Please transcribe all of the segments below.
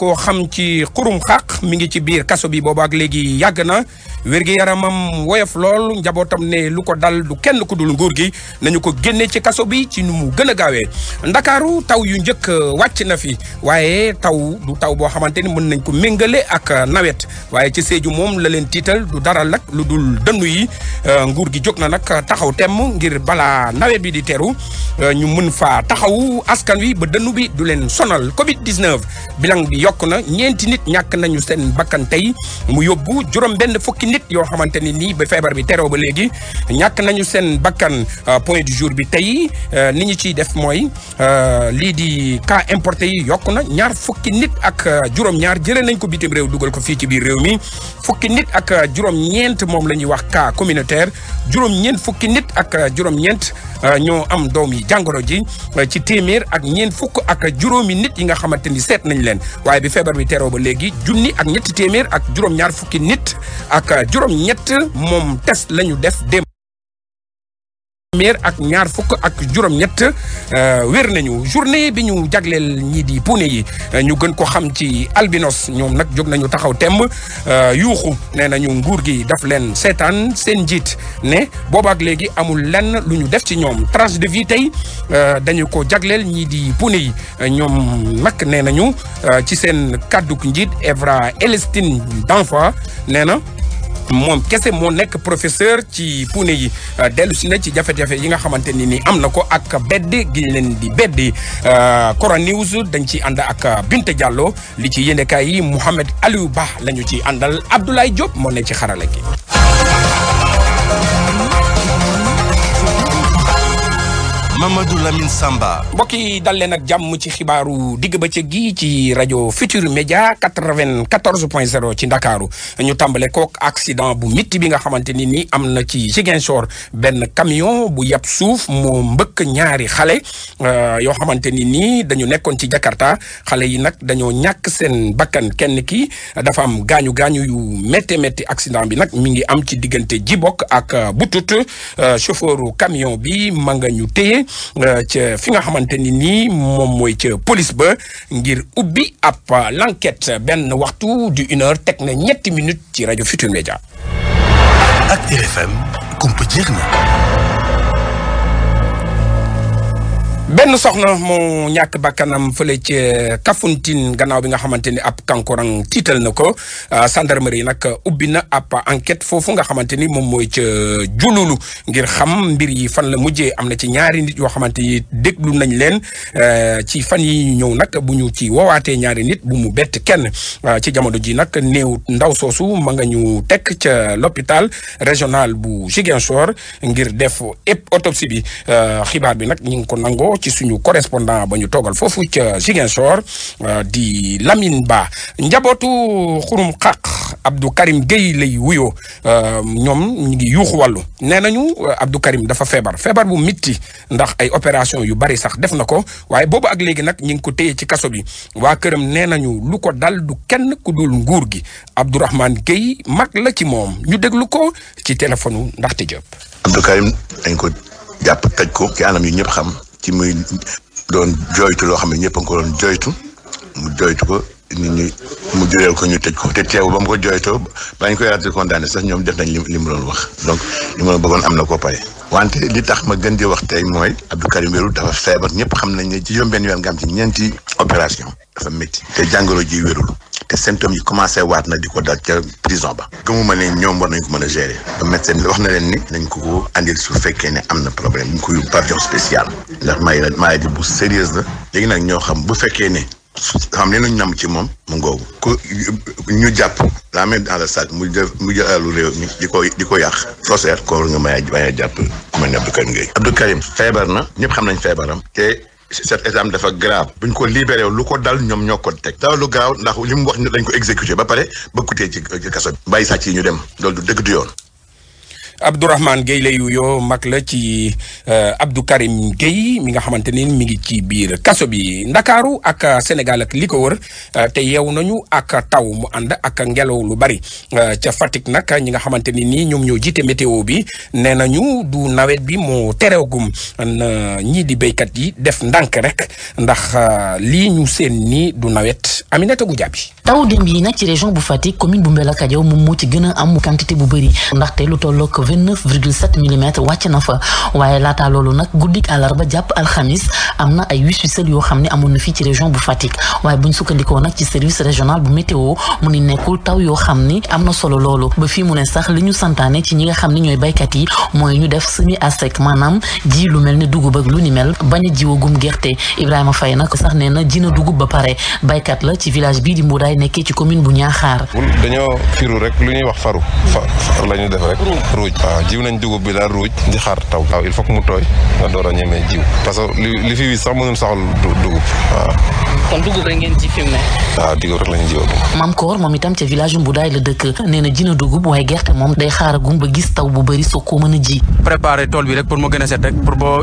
koo xam ci xurum xaq mi ngi ci biir kaso bi boobu ak léegi yàgg na wér-gi-yaramam woyof lool njabootam ne lu ko dal du kenn ku dul nguur gi nañu ko génne ci kaso bi ci nu mu gën a gaawee ndakaaru taw yu njëkk wàcc na fi waaye taw du taw boo xamante ni mën nañ ko méngale ak nawet waaye ci Sédhiou moom la leen tiital du dara nag lu dul dënnu yi euh, nguur gi jóg na nag taxaw temm ngir balaa nawet bi di teru euh, ñu mën fa taxaw askan wi ba dënnu bi du leen sonal Covid 19 bilan bi yokk na ñeenti nit ñàkk nañu seen bakkan tey mu nit yoo xamante ni nii ba feebar bi teroo ba léegi ñàkk nañu seen bakkan euh, point du jour bi tey euh, ni ñu ciy def mooy euh, lii di cas importé yi yokku na ñaar fukki nit ak juróom-ñaar nañ ko bitim réew dugal ko fii ci biir réew mi fukki nit ak juróom-ñeent moom la ñuy wax cas communautaire juróom-ñeent fukki nit ak juróom-ñeent ñoo am doom yi jàngoro ji ci téeméer ak ñeent fukk ak juróomi nit yi nga xamante ni seet nañ leen waaye bi feebar bi teroo ba junni ak ñetti téeméer ak juróom-ñaar fukki nit ak cas juróom-ñett moom test lañu def démb. téeméer ak ñaar fukk ak juróom-ñett euh, wér nañu journée bi ñu jagleel ñii di puune yi euh, ñu gën ko xam ci albinos ñoom nag jog nañu taxaw temb euh, yuuxu nee nañu nguur gi daf leen seetaan seen njiit ne boobaak léegi amul lenn lu ñu def ci ñoom tranche de vie tey dañu ko jagleel ñii di puune yi ñoom nag nee nañu ci seen kàdduk njiit Evra Elestine Danfa nee na moom kese moo nekk professeur ci puune yi euh, dellu si na ci jafe-jafe yi nga xamante ni ni am na ko ak bedd gi leen di beddi euh, Kora News dañ ci ànd ak Binte Diallo li ci yéenekaay yi Mouhamed Aliou Ba la ñu ci àndal Abdoulaye Diop moo ne ci xarala gi Mamadou Lamine Samba. mbokk yi dal leen ak jàmm ci xibaaru digg bëccëg gi ci rajo Futur Média 94 point 0 ci Ndakaaru ñu tàmbale kook accident bu mitti bi nga xamante ni ni am na ci Ziguinchor benn camion bu yab suuf moo mbëkk ñaari xale euh, yoo xamante ni nii dañu nekkoon ci Jakarta xale yi nag dañoo ñàkk seen bakkan kenn ki dafa am gaañu gaañu yu métti métti accident bi nag mi ngi am ci diggante Jibok ak euh, Butut euh, chauffeuru camion bi ma nga ñu téye. Euh, ca fi nga xamante ni nii moom mooy ca police ba ngir ubbi ab euh, l'enquête benn waxtu du une teg na ñetti minutes ci rajo Futur Média. ak RFM kumpa jeex na. benn soxna mu ñàkk bakkanam fële ci Kafountine gannaaw bi nga xamante ni ab kankurang tiital na ko ah, gendarmerie nag ubbi na ab enquête foofu nga xamante ni moom mooy ca jululu ngir xam mbir yi fan la mujjee am na ci ñaari nit yoo xamante ni déglu nañ leen eh, ci fan yi ñëw nag bu ñu ci woowaatee ñaari nit bu mu bett kenn ah, ci jamono ji nag néew ndaw soosu ma nga ñu tekk ca l'hôpital régional bu Ziguinchor ngir def autopsie bi eh, xibaar bi nag ñu ngi ko nangoo ci suñu correspondant ba ñu toogal foofu ca Ziguinchor euh, di lamin Ba njabootu xurum xaq Abdou Karim Gueye lay wuyoo euh, ñoom ñu ngi yuux wàllu nee nañu euh, abdu Karim dafa feebar feebar bu mitti ndax ay opération yu bari sax def na ko waaye boobu ak léegi nag ñu ngi ko téye ci kaso bi waa këram nee nañu lu ko dal du kenn ku dul nguur gi Abdourahmane Gueye mag la ci moom ñu déglu ko ci téléphone ndaxte Diop. Abdou Karim dañ ko jàpp tëj ko ci anam yu ñëpp xam ci muy doon joytu loo xam ne ñëpp a ngi ko doon jooytu mu joytu ko nit ñu mu jureel ko ñu tëj ko te teew ba mu ko jooytoo ba ñu koy raté condamné sax ñoom def nañ li mu doon wax donc li ma bëggoon am na ko pare. wante li tax ma gën di wax tey mooy Abdou Karim Wérou dafa feebar ñëpp xam nañ ne ci juróom-benn weer nga am ci ñeenti opération dafa métti te jàngoro ji wérul te symptômes yi commencé waat na di ko dal ca prison ba gëmuma ne ñoom war nañ ko mën a gérer médecin bi wax na leen ni nañ ko ko andil su fekkee ne am na problème ñu ko yóbbu pavillon spécial ndax maladie bu sérieuse la léegi nag ñoo xam bu fekkee ne xam ne lu ñu nam ci moom mu ngoogu ku ñu jàpp la même dans le sac mu def mu jël alalu réew mi di ko di ko yàq froseer ko nga may a jàpp ku Karim Gueye Karim feebar na ñëpp xam nañ feebaram te cet exemple dafa grave bu ñu ko libéré lu ko dal ñoom ñoo ko teg dara lu grave ndax li mu wax ñu dañ ko exécuté ba pare ba kutee ci kaso bi bàyyi sàcc yi ñu dem loolu du dëgg du yoon Abdourahmane Gueye la yuyoo mag la ci euh, Abdou Karim Gueye mi nga xamante ni mi ngi ci biir kaso bi Ndakaaru ak Sénégal ak li ko wër euh, te yeew nañu ak taw mu ànd ak ngelaw lu bari euh, ca Fatick nag ñi nga xamante ni nii ñoom ñoo jiite météo bi nee nañu du nawet bi moo terewgum ñii di béykat yi def ndànk rek ndax lii ñu seen ni du nawet Aminata Goudiaby taw dem yi nag ci région bu Fatick commune bu Mbélacadiao moom moo ci gën a am quantité bu bëri ndaxte lu tollook vingt-neuf virgule sept millimètres wàcc na fa waaye laataa loolu nag guddik àllarba jàpp alxamis am na ay huit yoo xam ne amoon na fii ci région bu Fatick waaye buñ sukkandikoo nag ci service régional bu météo mu ni nekkul taw yoo xam ni am na solo loolu ba fii mu ne sax li ñu santaane ci ñi nga xam ne ñooy baykat yi mooy ñu def semi à maanaam ji lu mel ni dugub ak lu ni mel bañ a jiwagum gerte Ibrahima fay nag sax nee na ji na dugub ba pare baykat la ci village bii di Mbudaay nekkee ci commune bu Ñaaxaar dañoo firu rek ñuy wax faru waaw jiw nañ dugub bi la ruuj di xaar taw waaw il faut mu tooy nga door a ñemee jiw parce que li li fi wis sax mënul saxal dugub waaw kon dugub rek ngeen ji fi mu ne waaw dugub rek a jiwagum maam koor moom itam ca village Mboudaay la dëkk nee na dugub waaye gerte moom day xaaragum ba gis taw bu bëri soo ko mën a ji préparé tool bi rek pour mu gën a set rek pour boo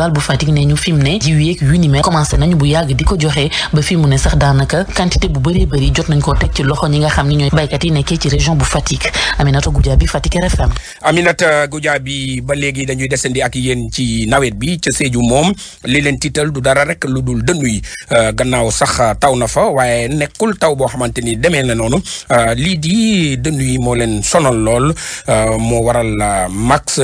rural bu Fatick ne ñu fi mu ne jiw yeeg yu ni mel commencé nañu bu yàgg di ko joxe ba fi mu ne sax daanaka quantité bu bëree bëri jot nañ koo teg ci loxo ñi nga xam ni ñooy baykat yi nekkee ci région bu Fatick Aminata Goudiaby Fatick RFM. ba léegi dañuy desandi ak yéen ci nawet bi ca Sédhiou moom li leen tiital du dara rek lu dul dënnu yi euh, gannaaw sax taw na fa waaye nekkul taw boo xamante ni demee na noonu euh, lii di dënnu yi moo leen sonal lool euh, moo waral Max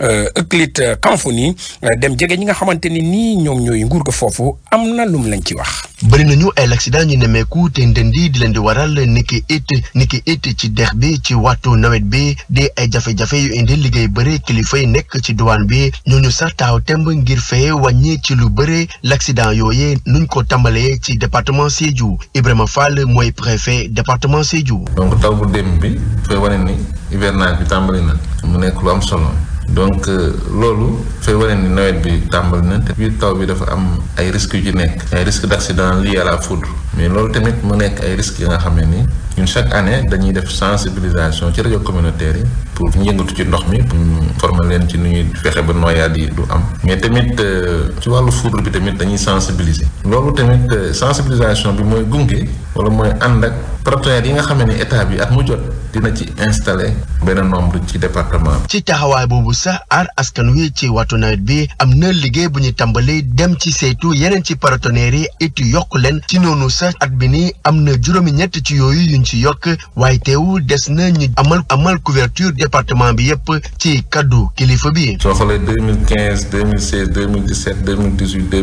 Euclide Kanfouni dem. jege ñi nga xamante ni nii ñoom ñooy nguur ga foofu am na lum lañ ci wax. bëri nañu ay accident ñu nemmeeku te ndëndi di leen di waral niki it niki it ci dex bi ci wàttu nawet bi di ay jafe-jafe yu indi liggéey bëri kilifa yi nekk ci diwaan bi ñooñu sax taaw temb ngir fee wàññi ci lu bëri l' accident nuñ ko tàmbalee ci département Sédhiou Ibrahima Fall mooy préfet département Sédhiou. donc taw bu démb bi dafay wane ni hivernage tàmbali na. mu nekk lu am donc euh, loolu fay wane ni nawet bi tàmbali na te biir taw bi dafa am ay risques yu ci nekk ay risques d' accident liés à mais loolu tamit mu nekk ay risques yi nga xam ne ni ñun chaque année dañuy def sensibilisation ci rajo communautaire yi pour ñu ci ndox mi pour ñu leen ci nu ñuy fexe ba noyade yi du am mais tamit euh, ci wàllu foudre bi tamit dañuy sensibiliser loolu tamit euh, sensibilisation bi mooy gunge wala mooy ànd ak trottoir yi nga xam ne état bi at mu jot dina ci installé benn nombre ci département ci taxawaay boobu sax aar askan wi ci watu nawet bi am na liggéey bu ñu tàmbali dem ci saytu yeneen ci partenaires yi it yokk leen ci noonu sax at bi ni am na juróomi ñett ci yooyu ñu ci yokk waaye teewul des na ñu amal amal couverture département bi yépp ci kaddu kilifa bi. soo xoolee deux mille quinze deux mille seize deux mille dix sept deux mille dix huit deux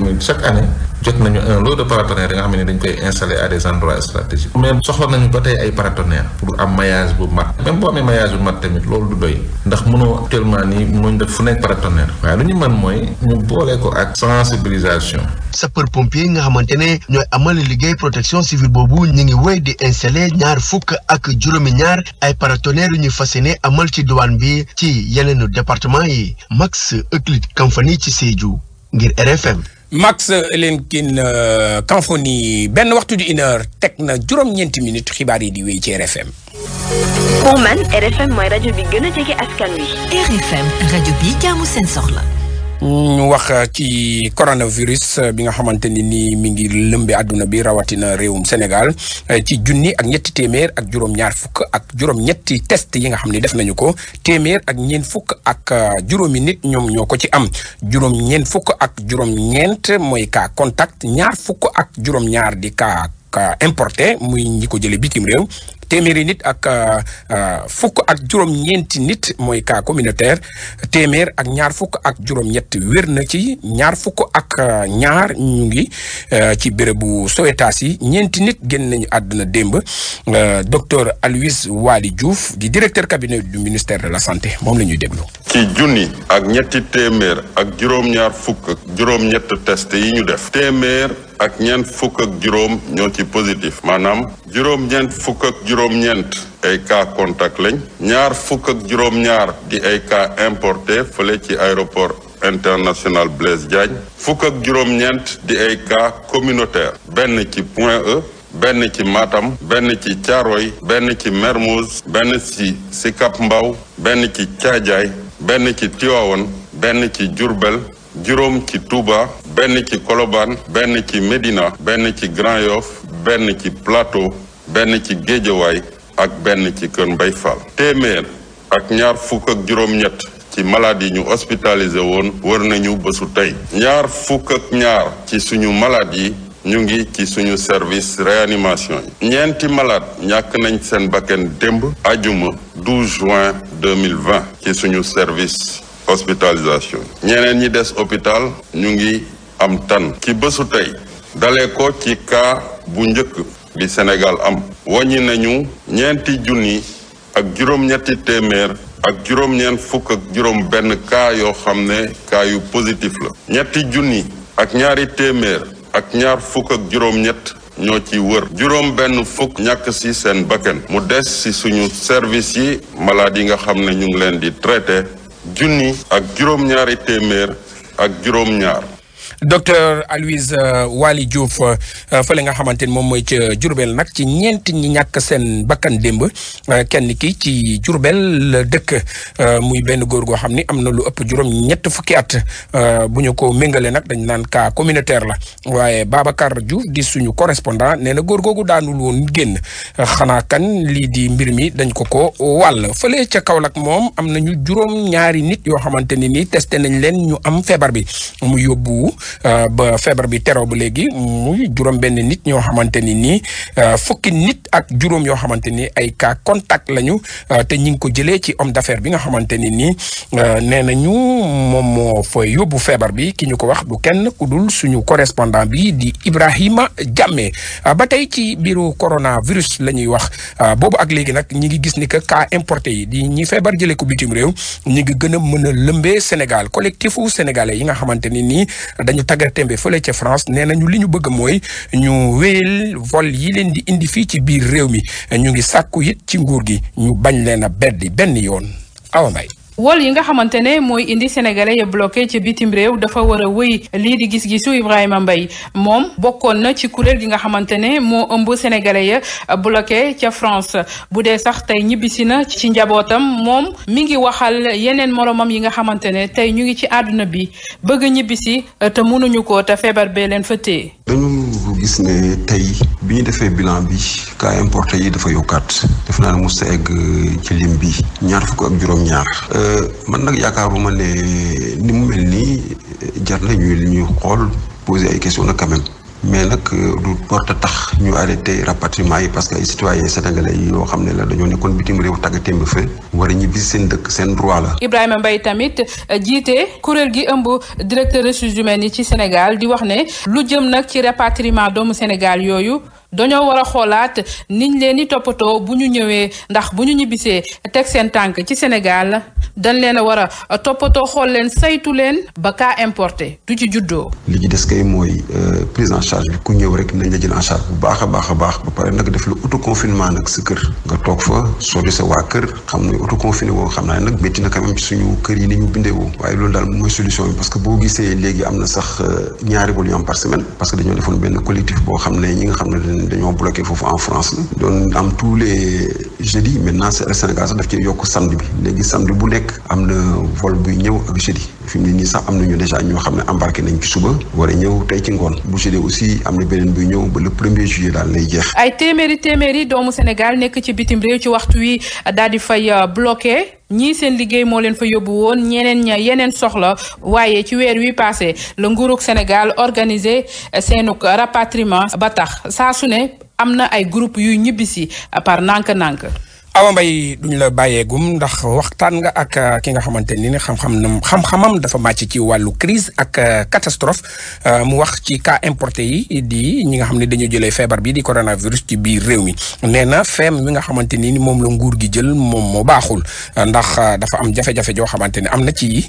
jot nañu un lot de paratonnerres yi nga xam ne dañ koy installer à des endroits stratégiques mais soxla nañu ba tey ay paratonnerres pour am maillage bu mat même boo amee maillage bu mat tamit loolu du doy ndax mënoo actuellement nii def fu waaye lu ñu mën mooy ñu boole ko ak sensibilisation sapeur pompier nga xamante ne ñooy amal liggéey protection civile boobu ñu ngi wéy di installer ñaar fukk ak juróomi ñaar ay paratonnerres yu ñu fas yéene amal ci diwaan bi ci yeneenu département yi Max Euclid Kamfani ci Sédhiou ngir RFM Max Lenkin Kanfoni euh, benn waxtu di une heure teg na juróom-ñeenti minutes xibaar yi di wéy ci RFM. Pour RFM mooy rajo bi gën jege askan wi. RFM rajo bi jaamu seen ñu wax euh, ci coronavirus euh, bi nga xamante ni nii mi ngi lëmbee àdduna bi rawatina réewum Sénégal euh, ci junni ak ñetti téeméer ak juróom-ñaar fukk ak juróom-ñetti test yi nga xam ne def nañu ko téeméer ak ñeen fukk ak juróomi nit ñoom ñoo ko ci am juróom fukk ak juróom-ñeent mooy ka contact ñaar fukk ak juróom-ñaar di cas importé muy ñi ko jëlee bitim réew téeméeri nit ak euh, euh, fukk ak juróom-ñeenti nit mooy ka communautaire téeméer ak ñaar fukk ak juróom-ñett wér na ci ñaar fukk ak euh, ñaar ñu ngi ci bérébu Sowétas yi ñeenti nit génn nañu àdduna démb docteur Aloyse Waly Diouf di directeur cabinet du ministère de la santé moom la ñuy déglu. ci junni ak ñetti téeméer ak juróom-ñaar fukk ak juróom-ñett test yi ñu def téeméer ak ñeent fukk ak juróom ñoo positif maanaam juróom-ñeent fukk ak juróom juróom-ñeent ay cas lañ ñaar fukk ak ñaar di ay cas importé fële ci aéroport international Blaise Diagne fukk ak juróom-ñeent di ay cas communautaire benn ci Point E benn ci Matam benn ci Thiaroye benn ci Mermoz benn ci Sicap Mbao benn ci Thiadiaye benn ci Tivaouane benn ci jurbel juróom ci Touba benn ci Colobane benn ci Médina benn ci Grand Yoff benn ci Plateau benn ci géejawaay ak benn ci kër Mbay téeméer ak ñaar fukk ak juróom-ñett ci malade yi ñu hospitalisé woon wër nañu bésu tey ñaar fukk ak ñaar ci suñu malaat yi ñu ngi ci suñu service réanimation yi ñeenti malade ñàkk nañ seen bakken démb ajuma 12 juin 2020 ci suñu service hospitalisation ñeneen ñi des hôpital ñu ngi am tan ci bésu tey daleko ci cas bu njëkk bi Sénégal am wàññi nañu ñeenti junni ak juróom-ñetti téeméer ak juróom-ñeent fukk ak juróom benn cas yoo xam ne kaayu yu positif la ñetti junni ak ñaari téeméer ak ñaar fukk ak juróom-ñett ñoo ci wër juróom benn fukk ñàkk ci seen bakkan mu des ci suñu service yi malade yi nga xam ne ñu ngi leen di traité junni ak juróom-ñaari téeméer ak juróom-ñaar docteur Aloyse euh, Waly Diouf euh, euh, fële nga xamante ni moom mooy ca Diourbel nag ci ñeent ñi ñàkk seen bakkan démb kenn ki ci Diourbel la dëkk muy benn góor goo xam ni am na lu ëpp juróom ñett fukki at bu ñu ko méngale nag dañ naan ka communautaire la waaye Babacar Diouf di suñu correspondant nee na góor googu daanul woon génn xanaa kan lii di mbir mi dañ ko ko wàll fële ca Kaolack moom am nañu juróom ñaari nit yoo xamante ni ni testé nañ leen ñu am feebar bi mu yóbbu Euh, ba feebar bi teroo ba léegi muy juróom benn nit ñoo xamante ni nii euh, fukki nit ak juróom yoo xamante ni ay cas contact lañu euh, te ñi ngi ko jëlee ci homme d'affaires bi nga xamante ni nii nee nañu moom moo fa yóbbu feebar bi ki ñu ko wax du kenn ku dul suñu correspondant bi di Ibrahima Jammeh ba tey ci biiru coronavirus la ñuy wax boobu ak léegi nag ñi ngi gis ni que cas importé yi di ñi feebar jëlee ko bitim réew ñi ngi gën a mën a lëmbee Sénégal collectifu sénégalais yi nga xamante ni nii ñu tàggatémbe fële ca France nee nañu li ñu bëgg mooy ñu wéy vol yi leen di indi fii ci biir réew mi ñu ngi sàkku it ci nguur gi ñu bañ leen a beddi benn yoon awa mbay wol yi nga xamante ne mooy indi sénégalais ya bloqué ci bitim réew dafa war a wéy lii di gis-gisu Ibrahima mbay moom bokkoon na ci kuréel gi nga xamante ne moo ëmb sénégalais ya bloqué ca France bu dee sax tey ñibbisi na ci njabootam moom mi ngi waxal yeneen moromam yi nga xamante ne tey ñu ngi ci àdduna bi bëgg ñibbisi te mënuñu ko te feebar bee leen fëttee gis ne tey bi ñu defee bilan bi cas importé yi dafa yokkaat def naa ne mos a egg euh, ci lim bi ñaar fukk ak juróom-ñaar euh, man nag yaakaaruma ne ni mu mel nii euh, jar na ñuy li ñuy xool poser ay questions nag quand mais nag euh, du warta tax ñu arrêté rapatriement yi parce que ay citoyens sénégalais yi yoo xam ne la dañoo nekkoon bitim réew tàgga témb fa war a ñibbi seen dëkk seen droit la Ibrahima mbay tamit euh, jiite kuréel gi ëmb directeur ressources humaines yi ci Sénégal di wax ne lu jëm nag ci rapatriement doomu Sénégal yooyu dañoo war a xoolaat niñ leen di toppatoo bu ñu ñëwee ndax bu ñu ñibbisee teg seen tànk ci Sénégal dañ leen a war a toppatoo xool leen saytu leen ba kaa importé du ci juddoo. li ci des kay mooy euh, prise en charge bi ku ñëw rek baax a a nag def lu autoconfinement nag sa kër nga toog fa sori na quand même ci suñu kër yi ni ñu bindee woo waaye loolu daal mooy solution bi parce que boo gisee léegi am na sax euh, ñaari vol yu par semaine parce que dañoo defoon benn collectif boo xam ne ñi nga xam ne dañoo bloqué foofu en France doon am tous les jeudi maintenant c'est Sénégal sax daf ci yokk samedi bi léegi samedi bu nekk am na vol buy ñëw ak jeudi fi nii sax am na nañu déjà ñoo xam ne embarqué nañ ci suba war a ñëw tey ci ngoon bu jeudi aussi am na beneen buy ñëw ba le premier juillet daal lay jeex. ay téeméeri téeméeri doomu Sénégal nekk ci bitim réew ci waxtu wi daal di fay bloqué. ñii seen liggéey moo leen fa yóbbu woon ñeneen yeneen soxla waaye ci weer wi passé la nguurug Sénégal organiser eh, seenuk rapatriement ba tax saa su ne am na ay groupe yuy ñibbisi eh, par nànk-nànk Awa mbay duñu la bàyyeegum ndax waxtaan nga ak euh, ki nga xamante ni xam-xam xam-xamam dafa màcc ci wàllu crise ak euh, catastrophe euh, mu wax ci cas importe yi di ñi nga xam ne dañoo jëlee feebar bi di coronavirus ci biir réew mi nee na feem mi nga xamante ni moom la nguur gi jël moom moo baaxul ndax dafa am jafe-jafe joo xamante ne am na ci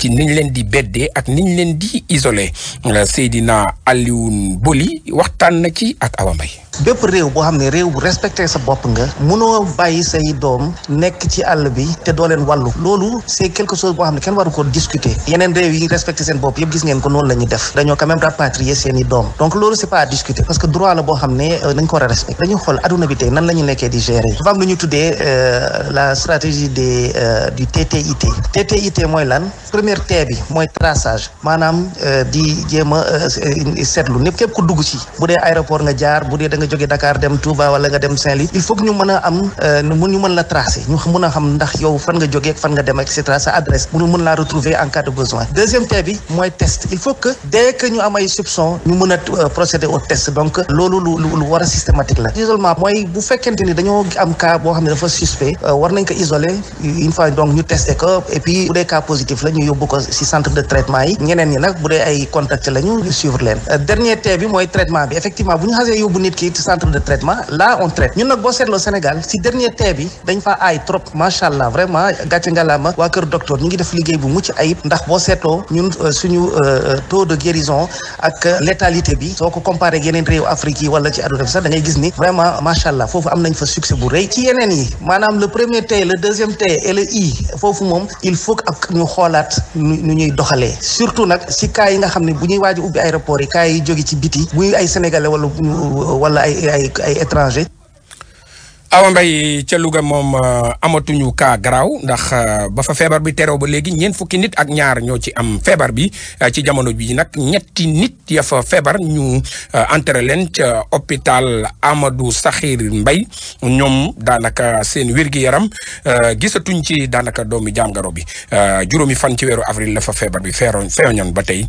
ci niñ leen di beddee ak niñ leen di isole isolé na Alioune Boli waxtaan na ci ak Awa Mbaye bépp réew boo xam ne réew bu respecté sa bopp nga munoo bàyyi say doom nekk ci àll bi te doo leen wàllu loolu c'est quelque chose boo xam ne kenn waru ko discuter yeneen réew yi respecté seen bopp yëpp gis ngeen ko noonu la ñuy def dañoo quand même rapatrier seeni doom donc loolu c'est pas à discuter parce que droit la boo xam ne euh, dañ ko war a respecté dañu xool aduna bi tey nan la nekkee di gérer dafa am lu ñu tuddee euh, la stratégie des euh, du TTIT TTIT mooy lan première T bi mooy traçage maanaam di jéem a seetlu ñépp képp ku dugg ci jóge Dakar dem Touba wala nga dem Saint-Louis il faut que ñu mën a am euh, mu ñu mën la tracer ñu mën a xam ndax yow fan nga jógee fan nga dem et cetera sa adresse mu mën laa retrouver en cas de besoin deuxième fait bi mooy test il et puis bu dee cas positif la yóbbu ko ci centre de traitement yi ñeneen ñi nag bu dee ay contact la suivre leen euh, dernier thème bi mooy traitement bi effectivement bu ñu xasee yóbbu nit ki ci centre de traitement là on traite ñun nag boo seetloo Sénégal si dernier temps bi dañ faa aay trop macha allah vraiment gàcce ngalaama waa kër docteur ñu ngi def liggéey bu mucc ayib ndax boo seetloo ñun euh, suñu euh, euh, taux de guérison ak létalité bi soo ko comparé yeneen réew Afrique yi wala ci àdduna bi sax da gis ni vraiment macha allah foofu am nañ fa succès bu rëy ci yeneen yi maanaam le premier T le deuxième T le I foofu moom il faut ak ñu xoolaat wala ay ay étranger awa mbay ca Louga moom euh, amatuñu ka garaaw ndax euh, ba fa feebar bi teroo ba léegi ñeen fukki nit ak ñaar ñoo ci am feebar bi euh, ci jamono bii nag ñetti nit ya fa feebar ñu enterré leen ca hôpital amadu Sakhir Mbay ñoom daanaka seen wér-gi-yaram gisatuñ ci daanaka doomi jàngoro bi juróomi fan ci weeru avril la fa feebar bi feeroon feeñoon ba tey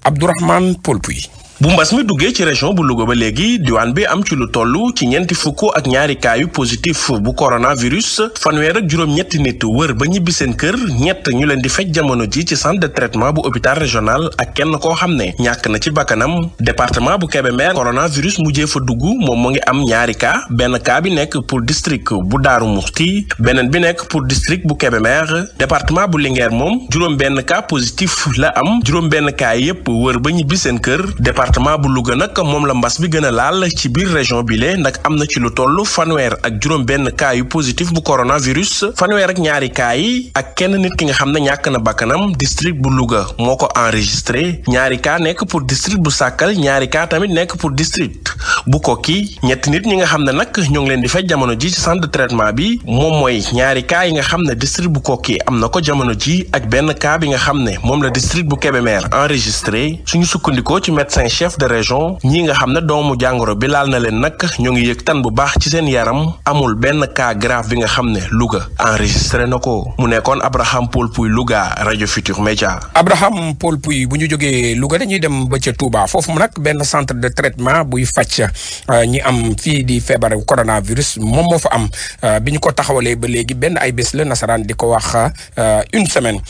Abdourahmane Polpuy bu mbas mi duggee ci région bu Louga ba léegi diwaan bi am ci lu toll ci ñeenti fukk ak ñaari cas yu positif bu coronavirus fanweer ak juróom-ñetti nit wër ba ñibbi seen kër ñett ñu leen di faj jamono ji ci centre de traitement bu hôpital régional ak kenn koo xam ne ñàkk na ci bakkanam département bu Kébémer coronavirus mujjee fa dugg moom mu ngi am ñaari cas benn kaa bi nekk pour district bu Daaru Muxti beneen bi nekk pour district bu Kébémer département bu Linguère moom juróom benn cas positif la am juróom benn cas yépp wër ba ñibbi seen kër département département bu Louga nag moom la mbas bi gën a laal ci biir région bile le am na ci lu toll fanweer ak juróom benn cas yu positif bu coronavirus fanweer ak ñaari cas ak kenn nit ki nga xam ne ñàkk na bakkanam district bu Louga moo ko enregistré ñaari cas nekk pour district bu Sàkkal ñaari cas tamit nekk pour district bu kokki ñetti nit ñi nga xam ne nag ñoo ngi leen di faj jamono ji ci centre de traitement bi moom mooy ñaari cas yi nga xam ne district bu kokki am na ko jamono ji ak benn cas bi nga xam ne moom la district bu Kébémer enregistré suñu sukkandikoo ci médecin chef de région ñi nga xam ne doomu jàngoro bi laal na leen nag ñoo ngi yëg tan bu baax ci seen yaram amul benn cas grave bi nga xam ne Louga enregistré na ko mu nekkoon Abraham Paul Pouy Louga rajo Futur Média. Abraham Paul Pouy bu ñu jógee Louga dañuy dem ba ca Touba foofu nag benn centre de traitement buy faj Euh, ñi am fii di feebar coronavirus moom moo fa am euh, bi ñu ko taxawalee ba léegi benn ay bés la nasaraan di ko wax euh, une semaine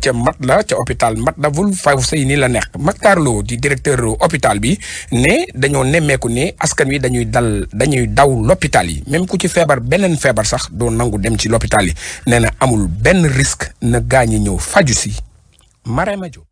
ca Matla ca hôpital Matla vul Fawzeyni la nekk Makhtar Lo di directeur hôpital bi ne dañoo nemmeeku ne askan wi dañuy dal dañuy daw l'hôpital yi même ku ci feebar beneen feebar sax doo nangu dem ci l'hôpital yi nee na amul benn risque na gaañi ñëw faju si Marème Diop